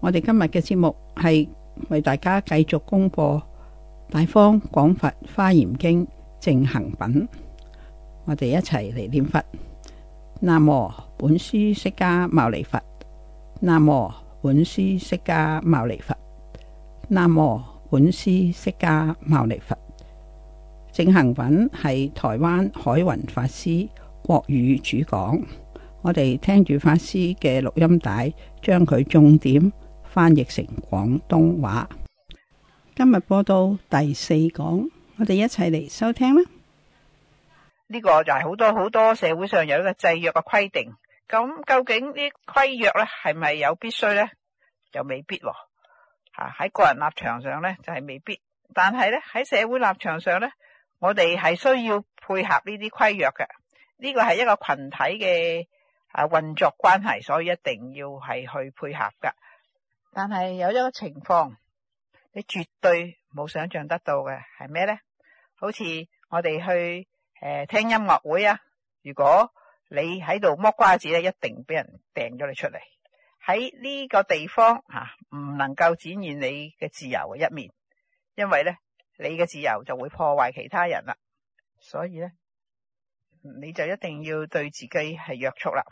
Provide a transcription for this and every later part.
我哋今日嘅節目係為大家繼續公布《大方廣佛花嚴經正行品》，我哋一齊嚟念佛。南無本師釋迦牟尼佛。南無本師釋迦牟尼佛。南無本師釋迦牟尼佛。正行品係台灣海雲法師國語主講，我哋聽住法師嘅錄音帶，將佢重點。翻譯成廣東話。今日播到第四講，我哋一齊嚟收聽啦。呢個就係好多好多社會上有一個制約嘅規定。咁究竟呢規約咧係咪有必須呢？又未必喎。吓喺個人立場上呢，就係未必，但係呢，喺社會立場上呢，我哋係需要配合呢啲規約嘅。呢個係一個群體嘅啊運作關係，所以一定要係去配合噶。但係有一個情況，你絕對冇想象得到嘅係咩呢？好似我哋去誒、呃、聽音樂會啊，如果你喺度剝瓜子咧，一定俾人掟咗你出嚟。喺呢個地方吓，唔、啊、能夠展現你嘅自由嘅一面，因為咧你嘅自由就會破壞其他人啦。所以咧，你就一定要對自己係約束啦。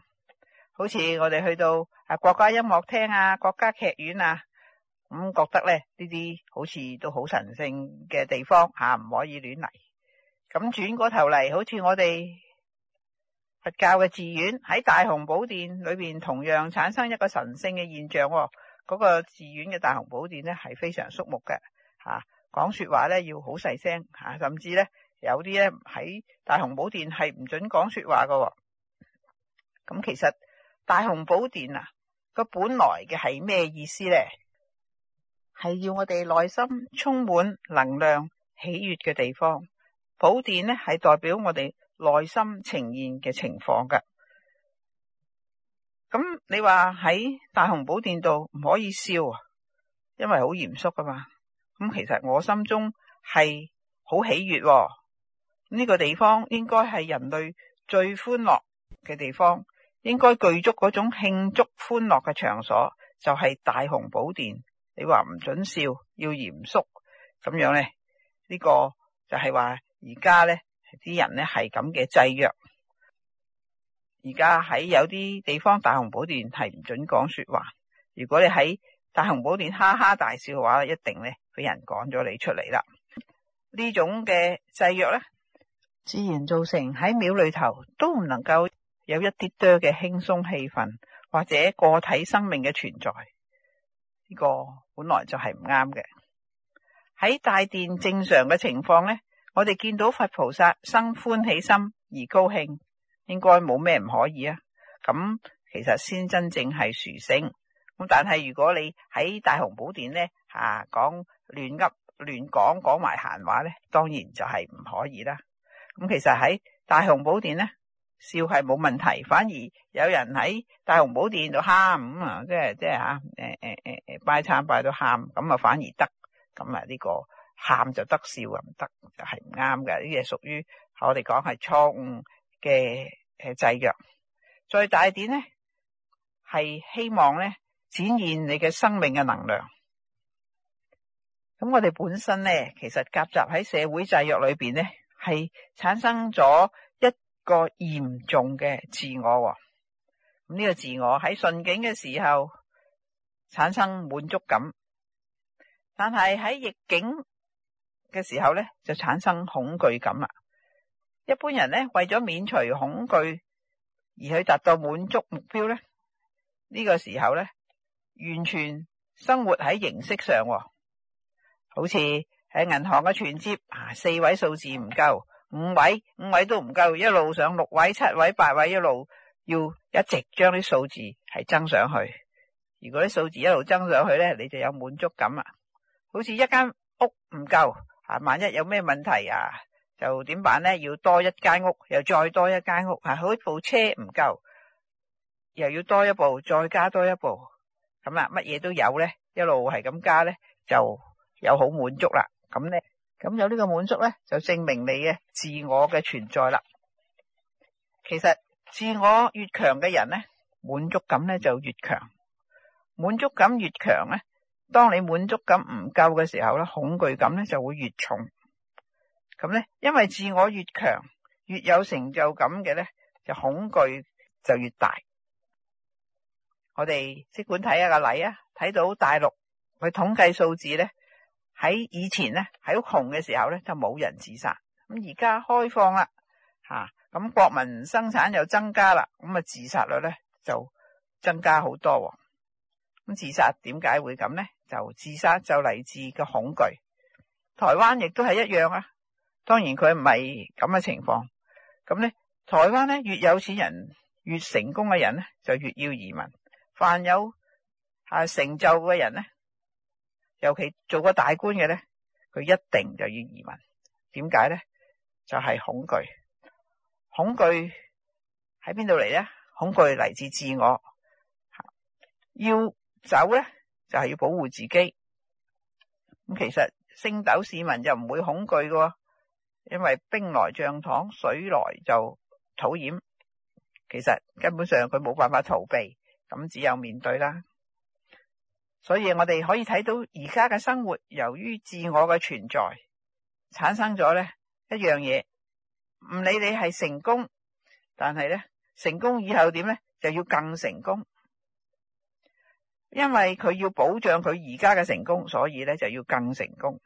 好似我哋去到啊國家音樂廳啊、國家劇院啊，咁覺得咧呢啲好似都好神聖嘅地方吓，唔可以亂嚟。咁轉過頭嚟，好似我哋佛教嘅寺院喺大雄寶殿裏邊，同樣產生一個神聖嘅現象。嗰個寺院嘅大雄寶殿咧係非常肅穆嘅吓，講、啊、說話咧要好細聲吓、啊，甚至咧有啲咧喺大雄寶殿係唔准講說話㗎。咁其實。大雄寶殿啊，個本來嘅係咩意思咧？係要我哋內心充滿能量喜悅嘅地方。寶殿咧係代表我哋內心呈現嘅情況噶。咁你話喺大雄寶殿度唔可以笑啊？因為好嚴肅噶嘛。咁其實我心中係好喜悅啊，呢個地方應該係人類最歡樂嘅地方。應該具足嗰種慶祝歡樂嘅場所，就係大雄寶殿。你話唔准笑，要嚴肅咁樣咧，呢個就係話而家咧啲人咧係咁嘅制約。而家喺有啲地方大雄寶殿係唔准講說話，如果你喺大雄寶殿哈哈大笑嘅話，一定咧俾人趕咗你出嚟啦。呢種嘅制約咧，自然造成喺廟裏頭都唔能夠。有一啲多嘅輕鬆氣氛，或者個體生命嘅存在，呢、這個本來就係唔啱嘅。喺大殿正常嘅情況呢，我哋見到佛菩薩生歡喜心而高興，應該冇咩唔可以啊。咁其實先真正係殊勝。咁但係如果你喺大雄寶殿呢，吓、啊、講亂噏亂講講埋閒話呢，當然就係唔可以啦。咁其實喺大雄寶殿呢。笑係冇問題，反而有人喺大雄寶殿度喊咁啊，即係即係吓，誒誒誒誒拜懺拜到喊，咁啊反而得，咁啊呢個喊就得笑唔得，就係唔啱嘅。呢嘢屬於我哋講係錯誤嘅誒制約。再大點咧，係希望咧，展現你嘅生命嘅能量。咁我哋本身咧，其實夾雜喺社會制約裏邊咧，係產生咗。個嚴重嘅自我，咁、這、呢個自我喺順境嘅時候產生滿足感，但係喺逆境嘅時候咧就產生恐懼感啦。一般人咧為咗免除恐懼而去達到滿足目標咧，呢、這個時候咧完全生活喺形式上，好似喺銀行嘅存摺啊，四位數字唔夠。五位五位都唔夠，一路上六位、七位、八位，一路要一直將啲數字係增上去。如果啲數字一路增上去咧，你就有滿足感啦。好似一間屋唔夠啊，萬一有咩問題啊，就點辦咧？要多一間屋，又再多一間屋啊！嗰部車唔夠，又要多一部，再加多一部咁啊！乜嘢都有咧，一路係咁加咧，就有好滿足啦。咁咧。咁有呢個滿足咧，就證明你嘅自我嘅存在啦。其實自我越強嘅人咧，滿足感咧就越強。滿足感越強咧，當你滿足感唔夠嘅時候咧，恐懼感咧就會越重。咁咧，因為自我越強，越有成就感嘅咧，就恐懼就越大。我哋即管睇下個例啊，睇到大陸佢統計數字咧。喺以前咧，喺窮嘅時候咧就冇人自殺。咁而家開放啦，吓、啊、咁國民生產又增加啦，咁啊自殺率咧就增加好多，啊。咁自殺點解會咁咧？就自殺就嚟自個恐懼。台灣亦都係一樣啊。當然佢唔係咁嘅情況。咁咧，台灣咧越有錢人越成功嘅人咧就越要移民。凡有啊成就嘅人咧。尤其做過大官嘅咧，佢一定就要移民。點解咧？就係恐懼，恐懼喺邊度嚟咧？恐懼嚟自自我。要走咧，就係要保護自己。咁其實星斗市民就唔會恐懼喎，因為兵來將擋，水來就土掩。其實根本上佢冇辦法逃避，咁只有面對啦。所以我哋可以睇到而家嘅生活，由於自我嘅存在，產生咗呢一樣嘢，唔理你係成功，但係呢成功以後點呢？就要更成功，因為佢要保障佢而家嘅成功，所以呢就要更成功。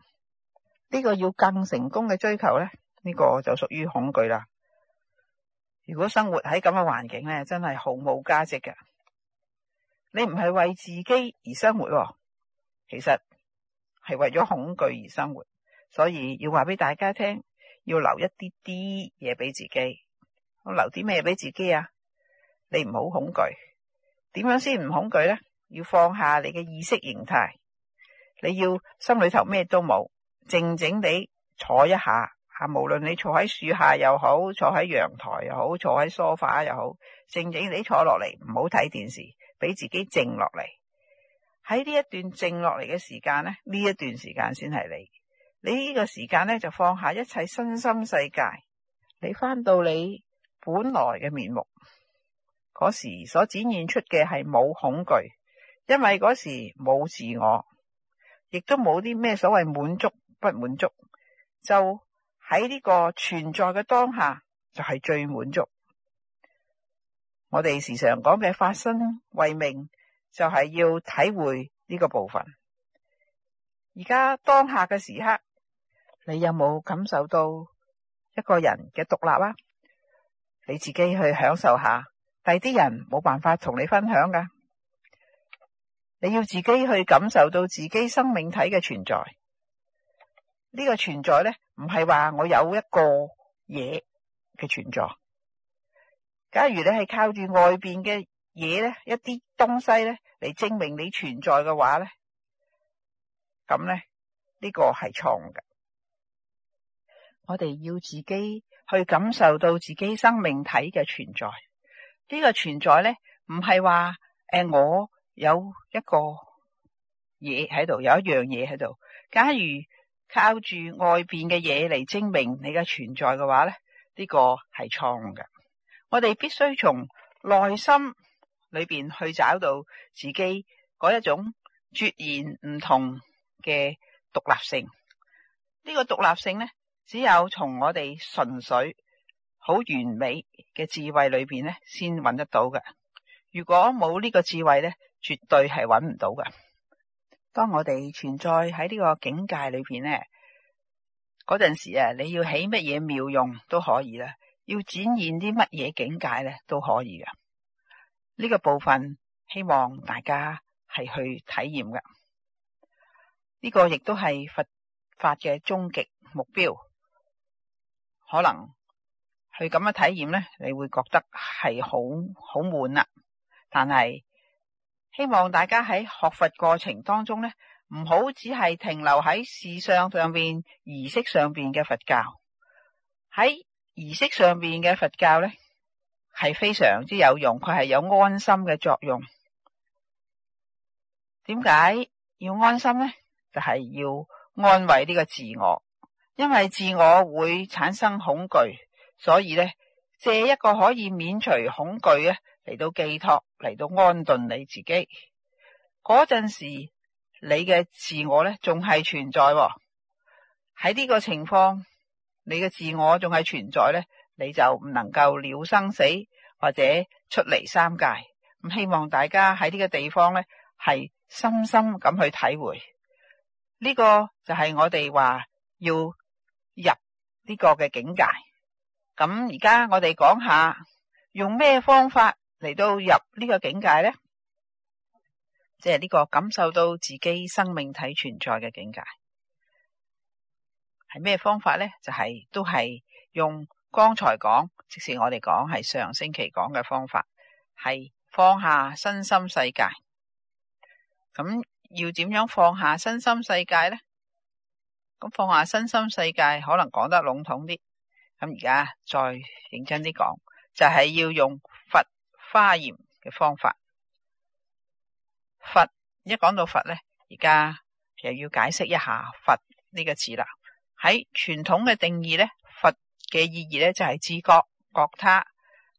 呢個要更成功嘅追求呢，呢個就屬於恐懼啦。如果生活喺咁嘅環境呢，真係毫無價值嘅。你唔係為自己而生活喎，其實係為咗恐懼而生活。所以要話俾大家聽，要留一啲啲嘢俾自己。我留啲咩嘢俾自己啊？你唔好恐懼，點樣先唔恐懼呢？要放下你嘅意識形態，你要心裏頭咩都冇，靜靜地坐一下吓。無論你坐喺樹下又好，坐喺陽台又好，坐喺梳化又好，靜靜地坐落嚟，唔好睇電視。俾自己靜落嚟，喺呢一段靜落嚟嘅時間咧，呢一段時間先係你。你呢個時間咧就放下一切身心世界，你翻到你本來嘅面目，嗰時所展現出嘅係冇恐懼，因為嗰時冇自我，亦都冇啲咩所謂滿足不滿足，就喺呢個存在嘅當下就係最滿足。我哋時常講嘅法身慧命，就係、是、要體會呢個部分。而家當下嘅時刻，你有冇感受到一個人嘅獨立啊？你自己去享受一下，第啲人冇辦法同你分享噶。你要自己去感受到自己生命體嘅存在。呢、這個存在咧，唔係話我有一個嘢嘅存在。假如你係靠住外邊嘅嘢咧，一啲東西咧嚟證明你存在嘅話咧，咁咧呢、呢個係錯嘅。我哋要自己去感受到自己生命體嘅存在。呢、呢個存在咧，唔係話誒我有一個嘢喺度，有一樣嘢喺度。假如靠住外邊嘅嘢嚟證明你嘅存在嘅話咧，呢、呢個係錯嘅。我哋必須從內心裏邊去找到自己嗰一種絕然唔同嘅獨立性。呢個獨立性咧，只有從我哋純粹好完美嘅智慧裏邊咧，先揾得到嘅。如果冇呢個智慧咧，絕對係揾唔到嘅。當我哋存在喺呢個境界裏邊咧，嗰陣時啊，你要起乜嘢妙用都可以啦。要展現啲乜嘢境界咧都可以嘅，呢、這個部分希望大家係去體驗嘅。呢、這個亦都係佛法嘅終極目標，可能去咁樣體驗咧，你會覺得係好好滿啦。但係希望大家喺學佛過程當中咧，唔好只係停留喺事相上邊、儀式上邊嘅佛教，喺。儀式上面嘅佛教呢，係非常之有用，佢係有安心嘅作用。點解要安心呢？就係要安慰呢個自我，因為自我會產生恐懼，所以呢，借一個可以免除恐懼啊，嚟到寄託，嚟到安頓你自己。嗰陣時，你嘅自我呢，仲係存在喎。喺呢個情況。你嘅自我仲係存在咧，你就唔能夠了生死或者出離三界。咁希望大家喺呢個地方咧，係深深咁去體會呢個。呢個就係我哋話要入呢個嘅境界。咁而家我哋講下用咩方法嚟到入呢個境界咧？即係呢個感受到自己生命體存在嘅境界。係咩方法咧？就係都係用剛才講，即是我哋講係上星期講嘅方法，係放下身心世界。咁要點樣放下身心世界咧？咁放下身心世界可能講得籠統啲。咁而家再認真啲講，就係要用佛花言嘅方法。佛一講到佛咧，而家又要解釋一下佛呢個字啦。喺傳統嘅定義咧，佛嘅意義咧就係自覺覺他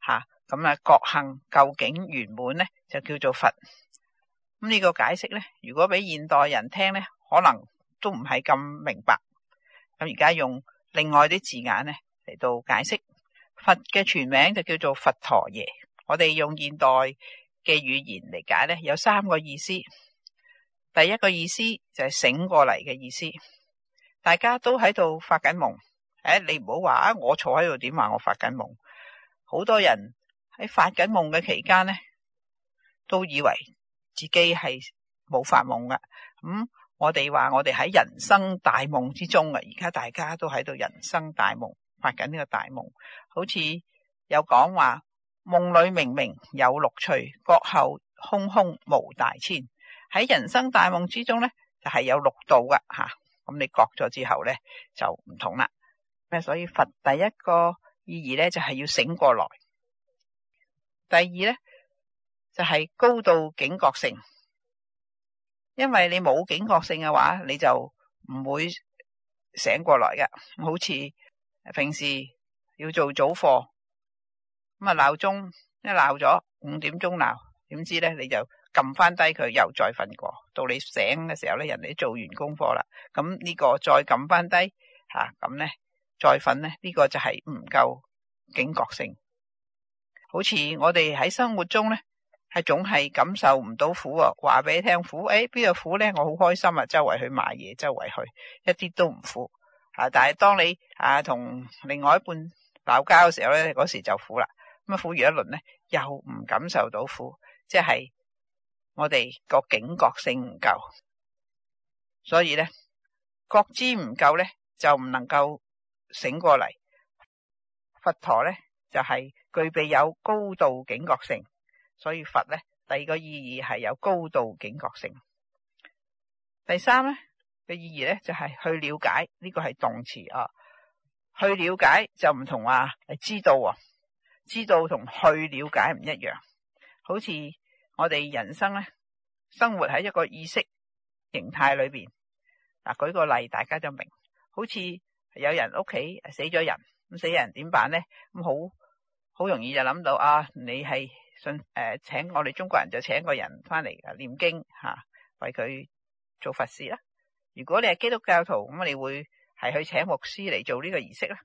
嚇，咁啊覺行究竟圓滿咧，就叫做佛。咁、這、呢個解釋咧，如果俾現代人聽咧，可能都唔係咁明白。咁而家用另外啲字眼咧嚟到解釋，佛嘅全名就叫做佛陀耶。我哋用現代嘅語言嚟解咧，有三個意思。第一個意思就係醒過嚟嘅意思。大家都喺度發緊夢，誒，你唔好話啊！我坐喺度點話我發緊夢？好多人喺發緊夢嘅期間呢，都以為自己係冇發夢㗎。咁我哋話我哋喺人生大夢之中啊！而家大家都喺度人生大夢發緊呢個大夢，好似有講話夢裏明明有六趣，覺後空空無大千。喺人生大夢之中呢，就係、是、有六道㗎。吓。咁你覺咗之後咧就唔同啦，咩？所以佛第一個意義咧就係、是、要醒過來，第二咧就係、是、高度警覺性，因為你冇警覺性嘅話，你就唔會醒過來㗎。好似平時要做早課，咁啊鬧鐘一鬧咗五點鐘鬧，點知咧你就？撳翻低佢又再瞓過，到你醒嘅時候咧，人哋做完功課啦，咁呢個再撳翻低吓，咁咧再瞓，咧呢個就係唔夠警覺性。好似我哋喺生活中咧，係總係感受唔到苦啊。話俾你聽苦，誒邊度苦咧？我好開心啊，周圍去買嘢，周圍去一啲都唔苦啊。但係當你啊同另外一半鬧交嘅時候咧，嗰時就苦啦。咁啊苦完一輪咧，又唔感受到苦，即係。我哋個警覺性唔夠，所以咧覺知唔夠咧就唔能夠醒過嚟。佛陀咧就係具備有高度警覺性，所以佛咧第二個意義係有高度警覺性。第三咧嘅意義咧就係去了解，呢個係動詞啊，去了解就唔同話知道啊，知道同去了解唔一樣，好似。我哋人生咧，生活喺一個意識形態裏邊。嗱，舉個例，大家就明。好似有人屋企死咗人，咁死咗人點辦呢？咁好，好容易就諗到啊！你係信誒，請我哋中國人就請個人翻嚟念經吓，啊，為佢做佛事啦。如果你係基督教徒，咁你會係去請牧師嚟做呢個儀式啦。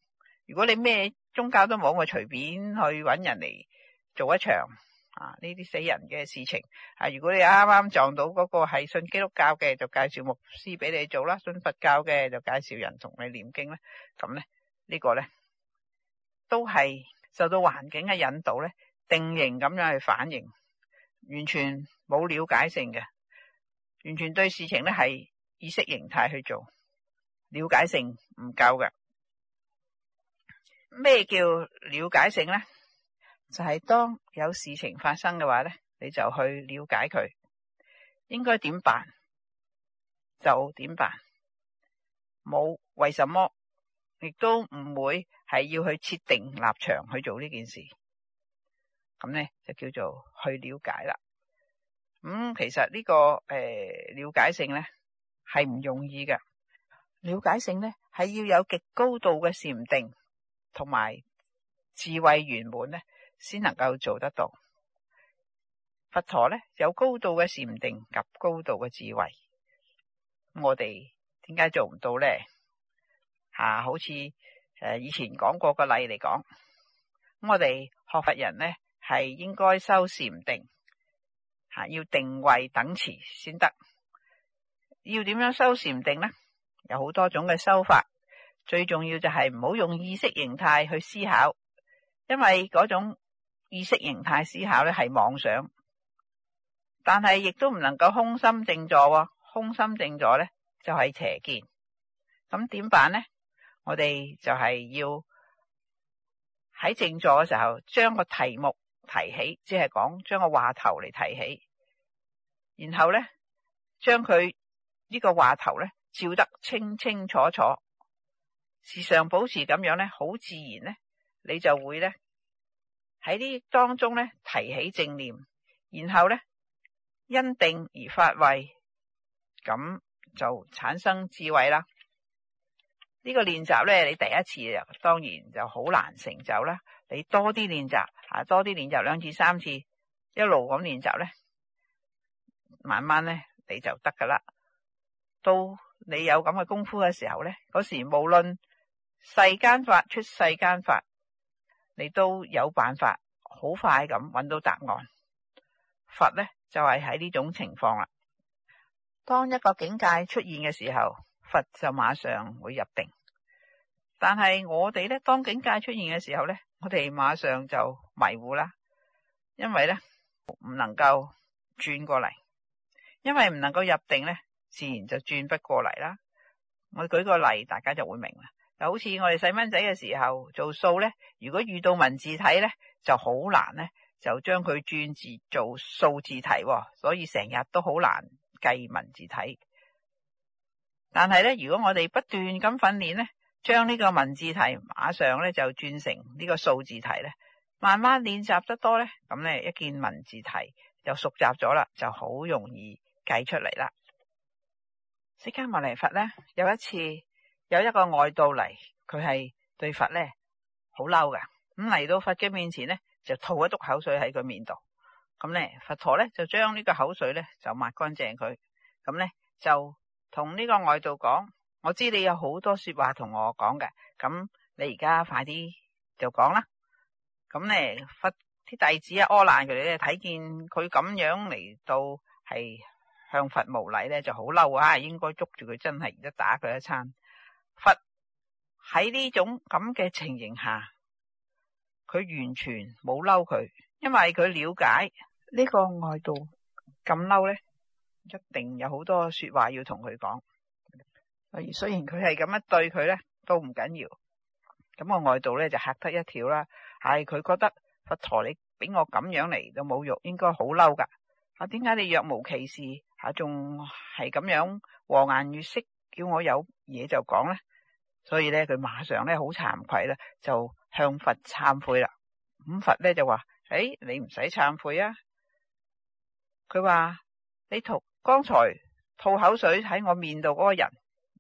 如果你咩宗教都冇，我隨便去搵人嚟做一場。啊！呢啲死人嘅事情啊，如果你啱啱撞到嗰個係信基督教嘅，就介紹牧師俾你做啦；信佛教嘅就介紹人同你念經啦。咁咧呢個咧都係受到環境嘅引導咧，定型咁樣去反應，完全冇了解性嘅，完全對事情咧係意識形態去做，了解性唔夠嘅。咩叫了解性咧？就係、是、當有事情發生嘅話咧，你就去了解佢應該點辦就點辦，冇為什麼，亦都唔會係要去設定立場去做呢件事。咁咧就叫做去了解啦。咁、嗯、其實呢、這個誒了解性咧係唔容易噶，了解性咧係要有極高度嘅禪定同埋智慧圓滿咧。先能夠做得到。佛陀咧有高度嘅禪定及高度嘅智慧，我哋點解做唔到咧？吓，好似誒以前講過個例嚟講，我哋學佛人咧係應該修禪定吓，要定位等持先得。要點樣修禪定呢？有好多種嘅修法，最重要就係唔好用意識形態去思考，因為嗰種。意識形態思考咧係妄想，但係亦都唔能夠空心靜坐喎。空心靜坐咧就係邪見。咁點辦咧？我哋就係要喺靜坐嘅時候，將個題目提起，即係講將個話頭嚟提起，然後咧將佢呢個話頭咧照得清清楚楚，時常保持咁樣咧，好自然咧，你就會咧。喺呢當中咧提起正念，然後咧因定而發慧，咁就產生智慧啦。呢個練習咧，你第一次啊，當然就好難成就啦。你多啲練習啊，多啲練習兩次三次，一路咁練習咧，慢慢咧你就得噶啦。到你有咁嘅功夫嘅時候咧，嗰時無論世間法、出世間法。你都有辦法好快咁搵到答案。佛呢，就係喺呢種情況啦。當一個境界出現嘅時候，佛就馬上會入定。但係我哋呢，當境界出現嘅時候呢，我哋馬上就迷糊啦。因為呢，唔能夠轉過嚟，因為唔能夠入定呢，自然就轉不過嚟啦。我舉個例，大家就會明啦。好似我哋細蚊仔嘅時候做數咧，如果遇到文字題咧就好難咧，就將佢轉字做數字題，所以成日都好難計文字題。但係咧，如果我哋不斷咁訓練咧，將呢個文字題馬上咧就轉成呢個數字題咧，慢慢練習得多咧，咁咧一件文字題就熟習咗啦，就好容易計出嚟啦。釋迦牟尼佛咧，有一次。有一個外道嚟，佢係對佛咧好嬲噶。咁嚟到佛經面前咧，就吐一篤口水喺佢面度。咁咧，佛陀咧就將呢個口水咧就抹乾淨佢。咁咧就同呢個外道講：我知你有好多說話同我講嘅，咁你而家快啲就講啦。咁咧，佛啲弟子啊，阿難佢哋咧睇見佢咁樣嚟到係向佛無禮咧，就好嬲啊！應該捉住佢，真係而家打佢一餐。佛喺呢種咁嘅情形下，佢完全冇嬲佢，因為佢了解呢個外道咁嬲咧，一定有好多說話要同佢講。雖然佢係咁樣對佢咧，都唔緊要。咁、那個外道咧就嚇得一跳啦。唉，佢覺得佛陀你俾我咁樣嚟，都侮辱，應該好嬲噶。吓、啊，點解你若無其事吓，仲係咁樣和顏悅色？叫我有嘢就講咧，所以咧佢馬上咧好慚愧啦，就向佛懺悔啦。咁佛咧就話：誒、哎，你唔使懺悔啊！佢話你同剛才吐口水喺我面度嗰個人，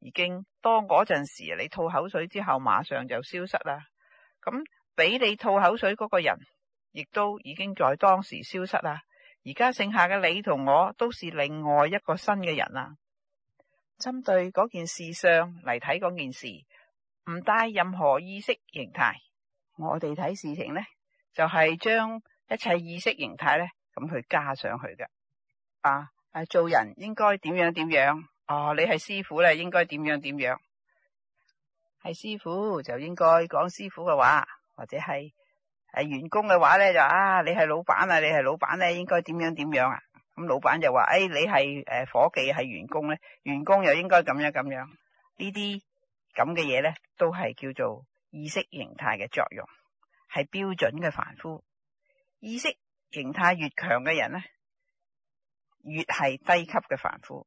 已經當嗰陣時你吐口水之後馬上就消失啦。咁俾你吐口水嗰個人，亦都已經在當時消失啦。而家剩下嘅你同我，都是另外一個新嘅人啦。針對嗰件事上嚟睇嗰件事，唔帶任何意識形態，我哋睇事情呢，就係、是、將一切意識形態呢，咁去加上去嘅、啊。啊，做人應該點樣點樣？哦、啊，你係師傅呢，應該點樣點樣？係師傅就應該講師傅嘅話，或者係係員工嘅話呢，就、呃、啊、呃呃，你係老闆啊，你係老闆呢、啊，應該點樣點樣啊？咁老闆就話：誒、哎，你係誒夥計係員工咧，on, 員工又應該咁樣咁樣。呢啲咁嘅嘢咧，都係叫做意識形態嘅作用，係標準嘅凡夫。意識形態越強嘅人咧，越係低級嘅凡夫。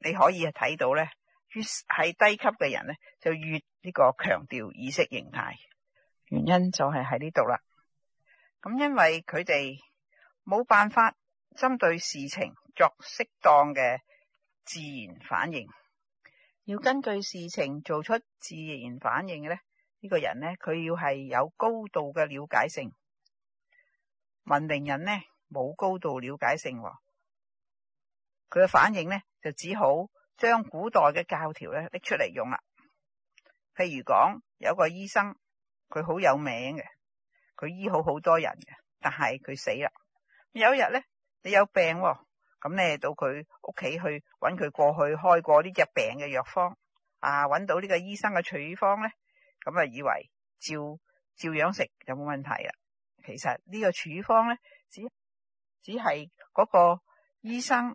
你可以睇到咧，越係低級嘅人咧，就越呢、yes. 個強調意識形態。原因就係喺呢度啦。咁因為佢哋冇辦法。針對事情作適當嘅自然反應，要根據事情做出自然反應嘅咧，呢個人呢，佢要係有高度嘅了解性。文明人呢，冇高度了解性，佢嘅反應呢，就只好將古代嘅教條呢拎出嚟用啦。譬如講，有個醫生，佢好有名嘅，佢醫好好多人嘅，但係佢死啦。有一日呢。你有病喎，哦,咁咧到佢屋企去揾佢過去開過呢隻病嘅藥方，啊，揾到呢個醫生嘅處方咧，咁啊以為照照樣食就冇問題啦。其實呢個處方咧，只只係嗰個醫生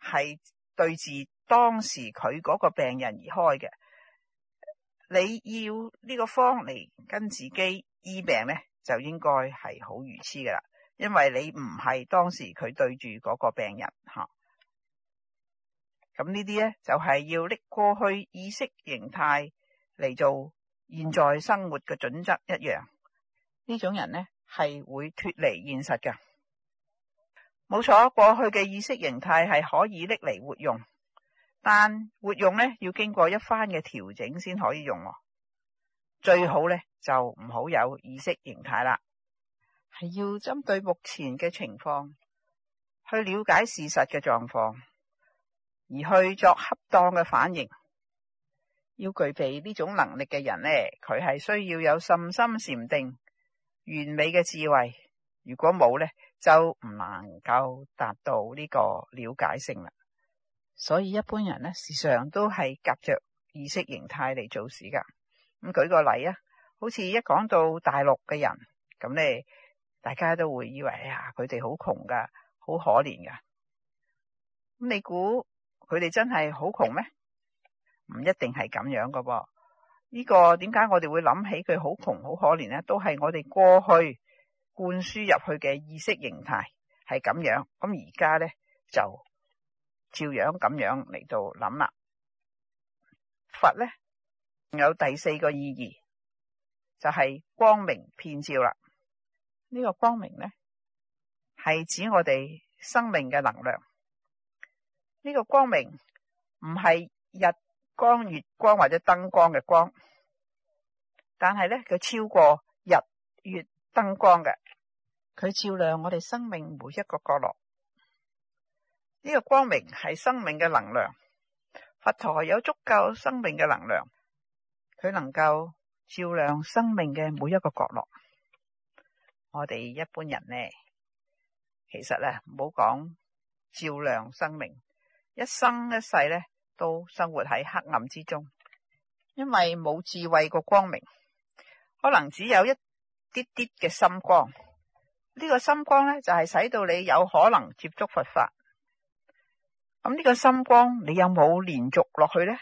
係對住當時佢嗰個病人而開嘅。你要呢個方嚟跟自己醫病咧，就應該係好如痴噶啦。因為你唔係當時佢對住嗰個病人吓，咁呢啲呢，就係要拎過去意識形態嚟做現在生活嘅準則一樣。呢種人呢，係會脱離現實嘅，冇錯。過去嘅意識形態係可以拎嚟活用，但活用呢，要經過一番嘅調整先可以用。最好呢，就唔好有意識形態啦。係要針對目前嘅情況，去了解事實嘅狀況，而去作恰當嘅反應。要具備呢種能力嘅人呢，佢係需要有信心、禪定、完美嘅智慧。如果冇呢，就唔能夠達到呢個了解性啦。所以一般人呢，事時常都係夾著意識形態嚟做事噶。咁舉個例啊，好似一講到大陸嘅人咁呢。那你大家都會以為，呀、啊，佢哋好窮噶，好可憐噶。咁你估佢哋真係好窮咩？唔一定係咁樣噃，呢，呢個點解我哋會諗起佢好窮、好可憐呢？都係我哋過去灌輸入去嘅意識形態係咁樣。咁而家呢，就照樣咁樣嚟到諗啦。佛呢，有第四個意義，就係、是、光明遍照啦。呢個光明呢，係指我哋生命嘅能量。呢個光明唔係日光、月光或者燈光嘅光，但係呢，佢超過日、月、燈光嘅，佢照亮我哋生命每一個角落。呢個光明係生命嘅能量，佛陀有足夠生命嘅能量，佢能夠照亮生命嘅每一個角落。我哋一般人呢，其實咧，唔好講照亮生命，一生一世咧，都生活喺黑暗之中，因為冇智慧個光明，可能只有一啲啲嘅心光。呢個、光呢個心光咧，就係、係、使到你有可能接觸佛法。咁呢個心光，你有冇連續落去咧？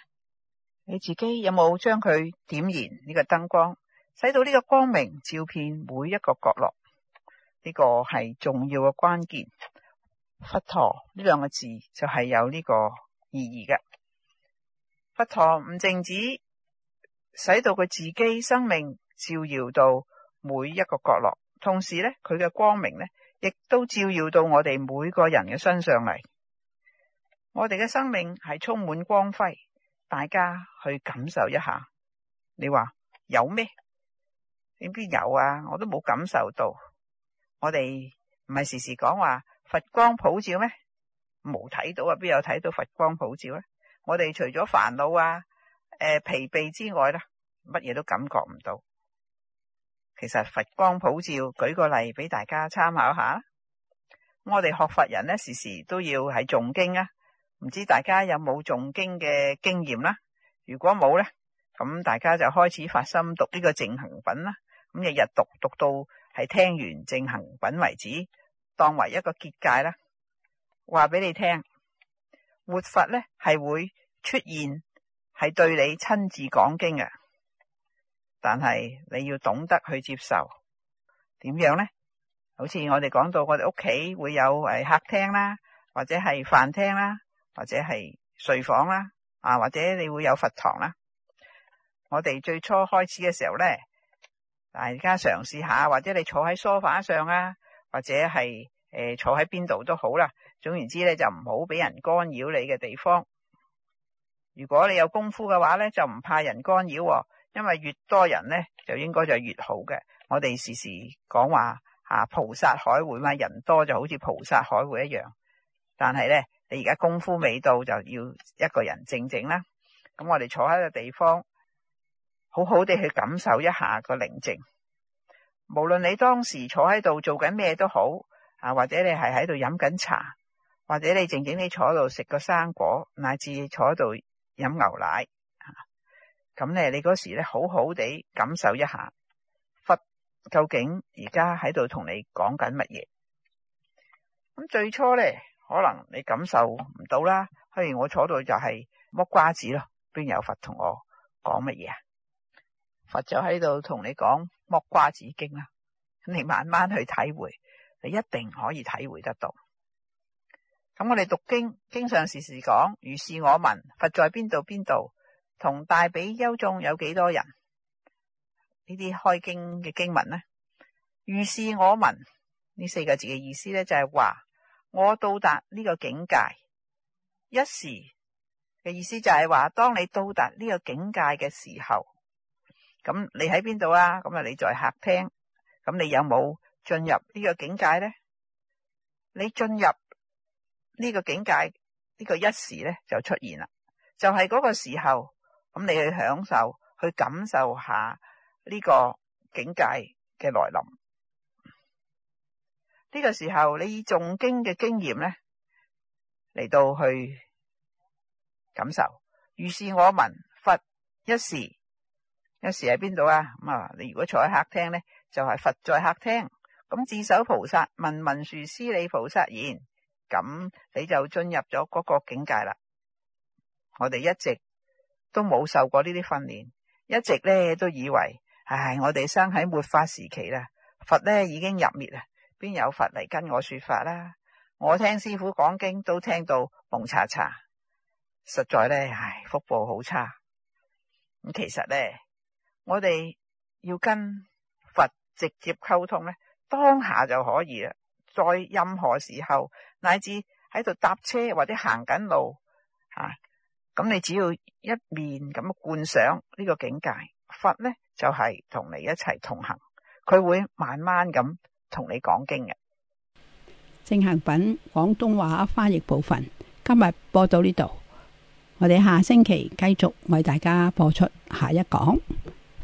你自己有冇將佢點燃呢，呢個燈光？使到呢個光明照遍每一個角落，呢個係重要嘅關鍵。佛陀呢兩個字就係有呢個意義嘅。佛陀唔淨止使到佢自己生命照耀到每一個角落，同時呢，佢嘅光明呢亦都照耀到我哋每個人嘅身上嚟。我哋嘅生命係充滿光輝，大家去感受一下。你話有咩？點邊有啊？我都冇感受到。我哋唔係時時講話、啊、佛光普照咩？冇睇到啊，邊有睇到佛光普照咧、啊？我哋除咗煩惱啊，誒、呃，疲憊之外啦、啊，乜嘢都感覺唔到。其實佛光普照，舉個例俾大家參考下。我哋學佛人咧，時時都要喺誦經啊。唔知大家有冇誦經嘅經驗啦、啊？如果冇咧，咁大家就開始發心讀呢個淨行品啦、啊。咁日日讀讀到係聽完正行品為止，當為一個結界啦。話俾你聽，活佛咧，係會出現，係對你親自講經嘅。但係你要懂得去接受，點樣咧？好似我哋講到，我哋屋企會有誒客廳啦，或者係飯廳啦，或者係睡房啦，啊，或者你會有佛堂啦。我哋最初開始嘅時候咧。大家嘗試下，或者你坐喺梳化上啊，或者係、呃、坐喺邊度都好啦。總言之咧，就唔好俾人干擾你嘅地方。如果你有功夫嘅話咧，就唔怕人干擾喎，哦，因為越多人咧，就應該就越好嘅。我哋時時講話啊，菩薩海會嘛，人多就好似菩薩海會一樣。但係咧，你而家功夫未到，就要一個人靜靜啦。咁我哋坐喺個地方。好好地去感受一下個寧靜。無論你當時坐喺度做緊咩都好啊，或者你係喺度飲緊茶，或者你靜靜地坐喺度食個生果，乃至坐喺度飲牛奶。咁咧，你嗰時咧，好好地感受一下佛究竟而家喺度同你講緊乜嘢。咁最初咧，可能你感受唔到啦。譬如我坐到就係剝瓜子咯，邊有佛同我講乜嘢啊？佛就喺度同你講《莫瓜子經》啦，你慢慢去體會，你一定可以體會得到。咁我哋讀經經常時時講，如是我聞，佛在邊度邊度，同大比丘眾有幾多人？呢啲開經嘅經文呢？如是我聞呢四個字嘅意思呢，就係話我到達呢個境界。一時嘅意思就係話，當你到達呢個境界嘅時候。咁你喺邊度啊？咁啊，你在客廳。咁你有冇進入呢個境界咧？你進入呢個境界，呢、這個一時咧就出現啦。就係、是、嗰個時候，咁你去享受，去感受下呢個境界嘅來臨。呢、這個時候，你以誦經嘅經驗咧嚟到去感受。如是我聞，我聞佛一時。有時喺邊度啊？咁啊，你如果坐喺客廳咧，就係佛在客廳。咁智首菩薩問文殊師利菩薩言，咁你就進入咗嗰個境界啦。我哋一直都冇受過呢啲訓練，一直咧都以為，唉，我哋生喺末法時期啦，佛咧已經入滅啦，邊有佛嚟跟我說法啦？我聽師傅講經都聽到蒙查查，實在咧，唉，福報好差。咁其實咧～我哋要跟佛直接溝通呢，當下就可以啦。在任何時候，乃至喺度搭車或者行緊路，吓、啊、咁，你只要一面咁觀想呢個境界，佛呢就係、是、同你一齊同行，佢會慢慢咁同你講經嘅。正行品廣東話翻譯部分今日播到呢度，我哋下星期繼續為大家播出下一講。